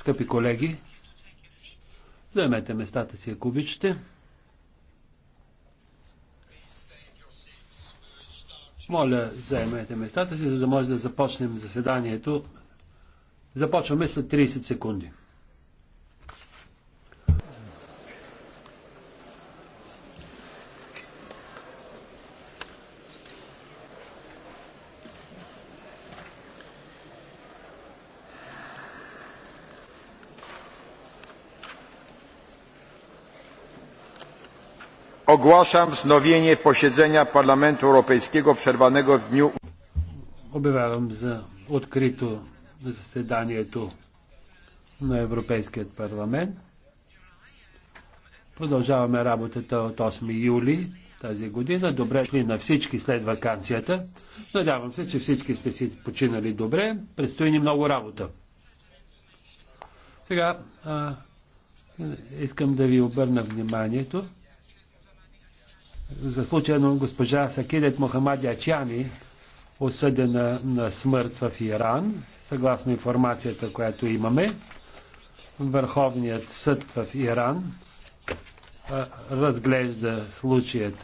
Скъпи колеги, заемете местата си, ако обичате. Моля, заемете местата си, за да може да започнем заседанието. Започваме след 30 секунди. Ogłaszam wznowienie posiedzenia Parlamentu Europejskiego przerwanego w dniu... Обявявам за открито заседанието на Европейският парламент. Продължаваме работата от 8 юли тази година. Добре шли на всички след вакансията. Надявам се, че всички сте си починали добре. Предстои ни много работа. Сега а, искам да ви обърна вниманието за случайно на госпожа Сакидет Мохамад Ячани, осъдена на смърт в Иран, съгласно информацията, която имаме. Върховният съд в Иран разглежда случаят